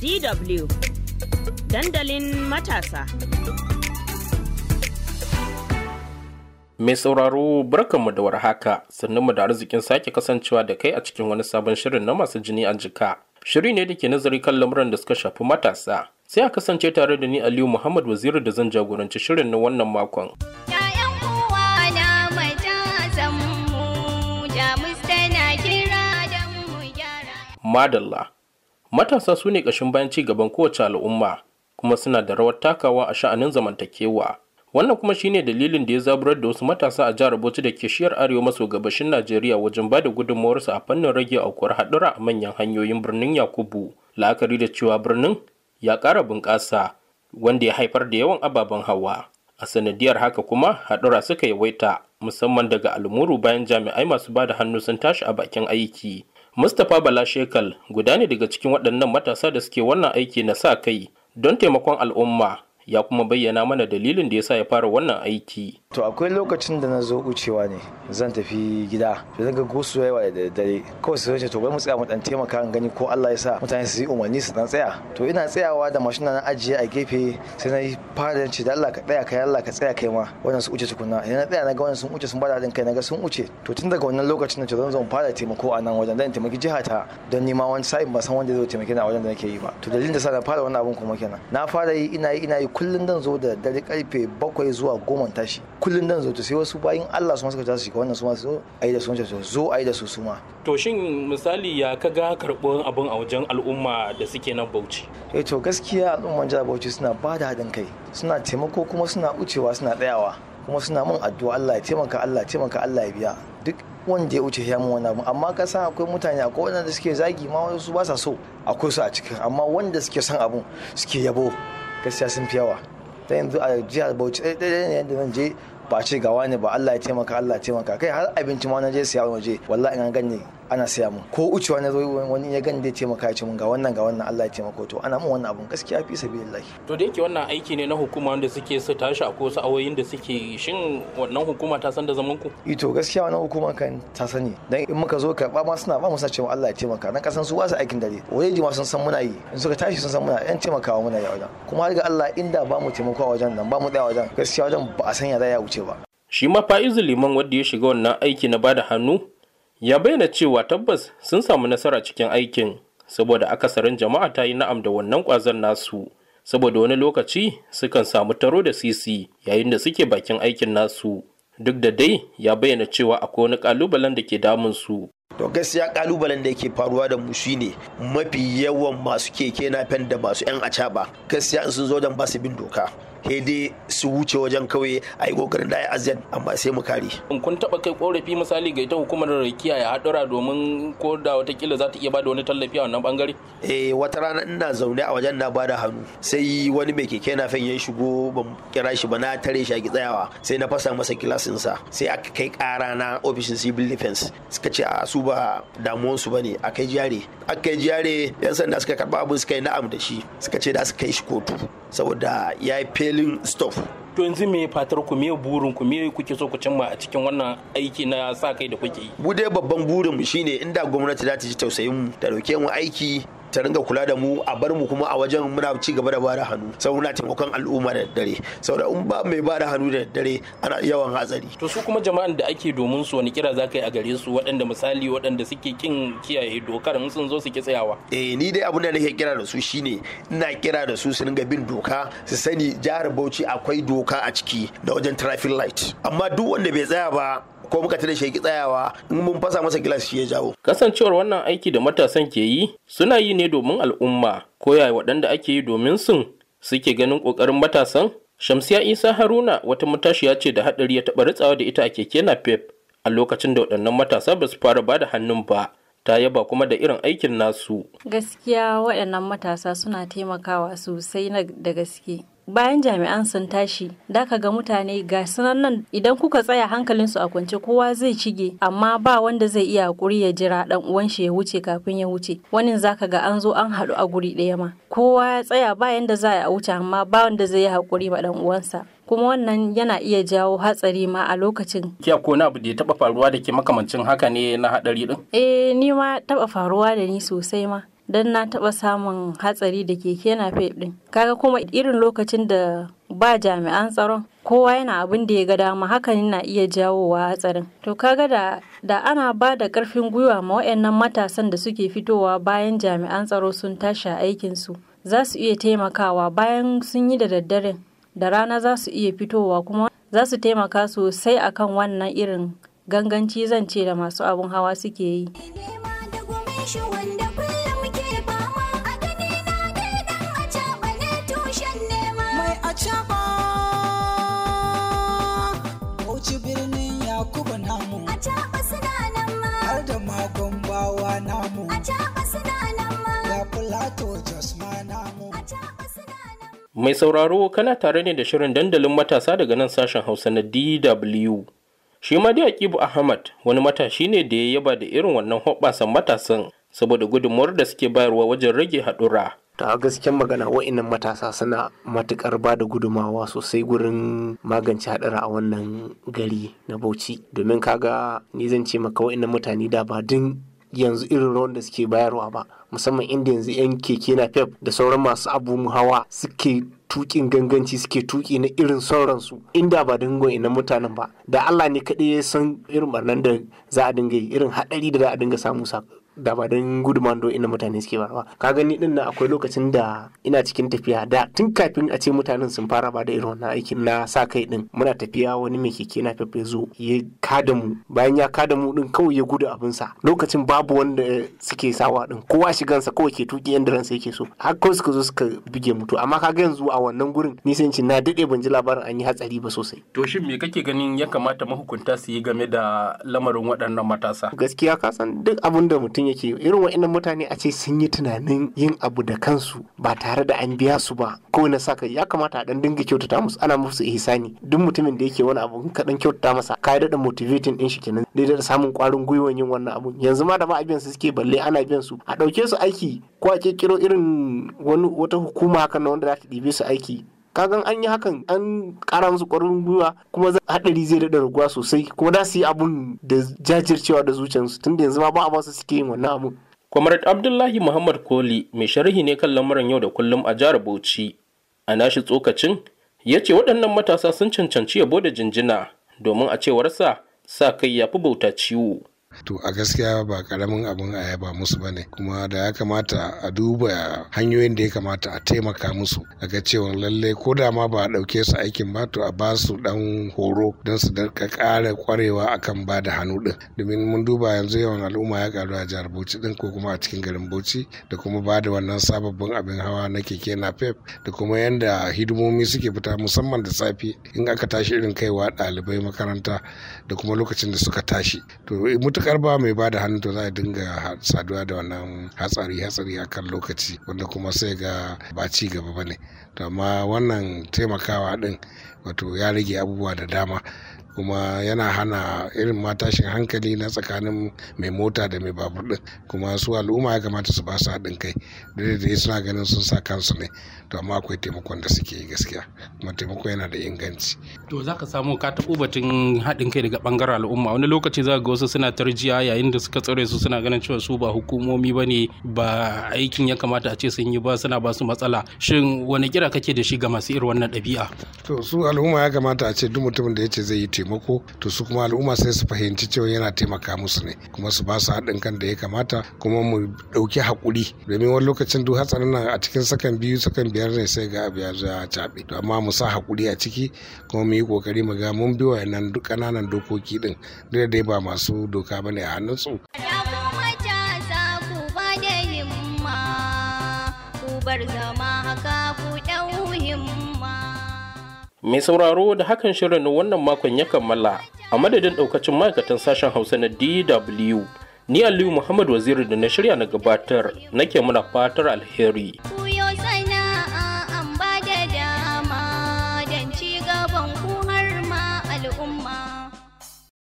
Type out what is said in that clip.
DW dandalin matasa. Mai sauraro barkanmu da warhaka mu da arzikin sake kasancewa da kai a cikin wani sabon shirin na masu jini a jika. Shiri ne da ke nazari kan lamuran da suka shafi matasa. Sai a kasance tare da ni Aliyu Muhammad Waziri da zan jagoranci shirin na wannan makon. Madalla. matasa su ne ƙashin bayan ci gaban kowace al'umma kuma suna da rawar takawa a sha'anin zamantakewa wannan kuma shine dalilin da ya zaburar da wasu matasa a jihar bauchi da ke shiyar arewa maso gabashin najeriya wajen ba da gudunmawarsu a fannin rage aukuwar haɗura a manyan hanyoyin birnin yakubu la'akari da cewa birnin ya ƙara bunƙasa wanda ya haifar da yawan ababen hawa a sanadiyar haka kuma haɗura suka yawaita musamman daga almuru bayan jami'ai masu ba da hannu sun tashi a bakin aiki Mustapha Bala Shekal guda ne daga cikin waɗannan matasa da suke wannan aiki na sa kai don taimakon al'umma ya kuma bayyana mana dalilin da ya sa ya fara wannan aiki. To akwai lokacin da na zo wucewa ne zan tafi gida to zan ga gosu yawa da daddare kawai sai ce to bai mu tsaya mu dan taimaka in gani ko Allah ya sa mutane su yi umarni su dan tsaya to ina tsayawa da mashina na ajiye a gefe sai na yi fara ce da Allah ka tsaya kai Allah ka tsaya kai ma wannan su wuce tukunna idan na tsaya na ga wannan sun wuce sun bada din kai na ga sun wuce to tun daga wannan lokacin na ce zan zo fara taimako a nan wajen dan taimaki jihata don nima wani sa'in ba san wanda zai taimake na a wajen da nake yi ba to dalilin da sa na fara wannan abun kuma kenan na fara yi ina yi ina yi kullun dan zo da dare karfe bakwai zuwa goma tashi kullun dan zo to sai wasu bayin Allah su masaka su shiga wannan su ma su da su wancan zo yi da su su ma to shin misali ya kaga karɓuwar abin a wajen al'umma da suke nan Bauchi eh to gaskiya al'umman jihar Bauchi suna ba da haɗin kai suna taimako kuma suna wucewa suna tsayawa kuma suna min addu'a Allah ya taimaka Allah ya taimaka Allah ya biya duk wanda ya wuce ya wani abu amma ka san akwai mutane akwai wanda suke zagi ma wasu ba sa so akwai su a cikin amma wanda suke son abu suke yabo gaskiya sun fi yawa ta yanzu a jihar bauchi ɗaya ɗaya ne yadda zan je ba ce ga ne ba allah ya taimaka allah ya taimaka kai har abinci ma na je siya waje wallahi ina an gani ana siya mun ko wucewa na zo wani ya gani dai taimaka ya ce mun ga wannan ga wannan Allah ya taimako to ana mun wannan abun gaskiya fi sabilillahi to da yake wannan aiki ne na hukuma wanda suke su tashi a kusa awoyin da suke shin wannan hukuma ta san da zaman ku eh to gaskiya wannan hukuma kan ta sani dan in muka zo ba ma suna ba mu sace Allah ya taimaka nan kasan su wasu aikin dare waye ma sun san muna yi in suka tashi sun san muna yan taimakawa muna yi a wajen kuma har ga Allah inda ba mu taimako a wajen nan ba mu tsaya wajen gaskiya wajen ba a sanya za ya wuce ba shi ma fa'izu liman wanda ya shiga wannan aiki na bada hannu ya bayyana cewa tabbas sun samu nasara cikin aikin saboda akasarin jama'a ta yi na'am da wannan ƙwazon nasu saboda wani lokaci sukan samu taro da sisi yayin da suke bakin aikin nasu duk da dai ya bayyana cewa akwai wani ƙalubalen da ke damun su to gaskiya kalubalen da yake faruwa da mu shine mafi yawan masu keke na fen da masu yan acaba gaskiya in sun zo dan ba su bin doka hede su wuce wajen kauye a yi kokarin da ya azan amma sai mu kare kun taba kai korafi misali ga ita hukumar kiyaye hadura domin ko da watakila za ta iya bada wani tallafi a wannan bangare eh wata rana ina zaune a wajen na bada hannu sai wani mai keke na fen ya shigo ban kira shi ba na tare shi a tsayawa sai na fasa masa kilasin sa sai aka kai kara na ofishin civil defense suka ce a su ba damuwan su bane akai jare kai jare yan sanda suka karba abin suka yi na'am da shi suka ce da suka kai shi kotu saboda ya yi failing stuff to yanzu me fatar ku me burin ku me kuke so ku cimma a cikin wannan aiki na sa kai da kuke yi bude babban burin mu shine inda gwamnati za ta ji tausayin mu ta dauke mu aiki ta ringa kula da mu a bar mu kuma a wajen muna ci gaba da ba da hannu sai muna taimakon al'umma da dare saboda in ba mai ba da hannu da dare ana yawan hatsari to su kuma jama'an da ake domin su wani kira zaka yi a gare su waɗanda misali waɗanda suke kin kiyaye dokar in sun zo su ki tsayawa eh ni dai abin da nake kira da su shine ina kira da su su ringa bin doka su sani jihar Bauchi akwai doka a ciki da wajen traffic light amma duk wanda bai tsaya ba ko muka tare shi tsayawa in mun fasa masa gilas shi ya jawo kasancewar wannan aiki da matasan ke yi suna yi ne domin al'umma ko yaya waɗanda ake yi domin sun suke ganin ƙoƙarin matasan shamsiya isa haruna wata matashiya ce da haɗari ya taɓa ritsawa da ita a keke na pep a lokacin da waɗannan matasa ba su fara ba da hannun ba ta yaba kuma da irin aikin nasu gaskiya waɗannan matasa suna taimakawa sosai da gaske bayan jami'an sun tashi da ka ga mutane ga sunan nan idan kuka tsaya hankalinsu a kwance kowa zai cige amma ba wanda zai iya hakuri ya jira dan uwan shi ya wuce kafin ya wuce wani zaka ga an zo an haɗu a guri ɗaya ma kowa ya tsaya ba yanda za a wuce amma ba wanda zai yi hakuri ma dan uwansa kuma wannan yana iya jawo hatsari ma a lokacin. Kiya ko na abu da ya taba faruwa da ke makamancin haka ne na hadari din? Eh ni ma taba faruwa da ni sosai ma. don na taɓa samun hatsari da keke na ɗin kaga kuma irin lokacin da ba jami'an tsaron kowa yana abin da ya ga dama hakan na iya jawowa hatsarin to kaga da da ana ba da karfin gwiwa ma waɗannan matasan da suke fitowa bayan jami'an tsaro sun tashi aikin su za su iya taimakawa bayan sun yi da daddare da rana za su iya fitowa kuma za su taimaka sosai akan wannan irin ganganci zance da masu abin hawa suke yi. Mai sauraro kana tare ne da shirin dandalin matasa daga nan sashen Hausa na DW. Shi ma dai Akibu Ahmad wani matashi ne da ya yaba da irin wannan hoɓasan matasan saboda gudunmuwar da suke bayarwa wajen rage haɗura. ta gaskiyar magana wa'inan matasa suna matukar ba da gudumawa sosai gurin magance haɗura a wannan gari na bauchi domin kaga ni zan ce maka wa'inan mutane da ba din yanzu irin rawan da suke bayarwa ba musamman inda yanzu 'yan keke na pep da sauran masu abu hawa suke tukin ganganci suke tuki na irin sauransu inda ba dingon ina mutanen ba da Allah ne kaɗai ya san irin barnan da za a dinga yi irin haɗari da za a dinga samu da ba don gudunmawar da inda mutane suke ba ba ka gani din na akwai lokacin da ina cikin tafiya da tun kafin a ce mutanen sun fara ba da irin wannan aikin na sa kai din muna tafiya wani mai keke na fefe zo ya kada mu bayan ya kada mu din kawai ya gudu abinsa lokacin babu wanda suke sawa din kowa sa kawai ke tuki yan ransa yake so har kawai suka zo suka buge mutu amma ka kaga yanzu a wannan gurin nisan cin na daɗe ban ji labarin an yi hatsari ba sosai to shin me kake ganin ya kamata mahukunta su yi game da lamarin waɗannan matasa gaskiya ka san duk abin da mutum yake irin wa'annan mutane a ce sun yi tunanin yin abu da kansu ba tare da an biya su ba ko na saka ya kamata a dan dinga kyautata musu ana musu ihsani duk mutumin da yake wani abu ka dan kyautata masa ka da motivating din shi kenan dai da samun kwarin gwiwa yin wannan abu yanzu ma da ma abin su suke balle ana biyan su a dauke su aiki ko a kirkiro irin wani wata hukuma haka na wanda za ta ɗibe su aiki kagan an yi hakan an kara musu kwarin gwiwa kuma hadari zai daɗa raguwa sosai kuma da su yi abun da jajircewa da zuciyarsu tunda yanzu ma ba a ba su suke yin wannan abun. kwamarat Abdullahi Muhammad Koli mai sharhi ne kan lamuran yau da kullum a jihar Bauchi. A nashi tsokacin ya ce waɗannan matasa sun cancanci yabo da jinjina domin a cewarsa sa kai ya fi bauta ciwo. to a gaskiya ba karamin abin a yaba musu ba ne kuma da ya kamata a duba hanyoyin da ya kamata a taimaka musu a ga cewa lalle ko da ma ba a ɗauke su aikin ba to a ba su ɗan horo don su ka ƙara ƙwarewa akan ba da hannu ɗin domin mun duba yanzu yawan al'umma ya karu a jihar bauchi ɗin ko kuma a cikin garin bauchi da kuma ba da wannan sababbin abin hawa na keke napep da kuma yanda hidimomi suke fita musamman da safe in aka tashi irin kaiwa ɗalibai makaranta da kuma lokacin da suka tashi to mutuka matukar mai ba da hannu to za a dinga saduwa da wannan hatsari hatsari a kan lokaci wanda kuma sai ga ba ci gaba ba ne to amma wannan taimakawa din wato ya rage abubuwa da dama kuma yana hana irin matashin hankali na tsakanin mai mota da mai babur din kuma su al'umma ya kamata su ba su haɗin kai da da suna ganin sun sa kansu ne to amma akwai taimakon da suke gaskiya kuma taimako yana da inganci to za ka samu ka taɓo batun haɗin kai daga ɓangaren al'umma wani lokaci za ga wasu suna tarjiya yayin da suka tsare su suna ganin cewa su ba hukumomi ba ne ba aikin ya kamata a ce sun yi ba suna ba su matsala shin wani kira kake da shi ga masu irin wannan ɗabi'a to su al'umma ya kamata a ce duk mutumin da ya ce zai yi taimako to su kuma al'umma sai su fahimci cewa yana taimaka musu ne kuma su ba su haɗin kan da ya kamata kuma mu ɗauki haƙuri domin wani lokacin duk hatsarin nan a cikin sakan biyu sakan biyar ne sai ga abu ya zo ya caɓe to amma mu sa haƙuri a ciki kuma mu yi ƙoƙari mu ga mun bi wayannan duk ƙananan dokoki ɗin da ba masu doka ba ne a hannun su. bar Mai sauraro da hakan shirin wannan makon ya kammala a madadin ɗaukacin ma'aikatan sashen Hausa na DW. Ni Aliyu Muhammad Waziri da na shirya na gabatar nake muna fatar alheri.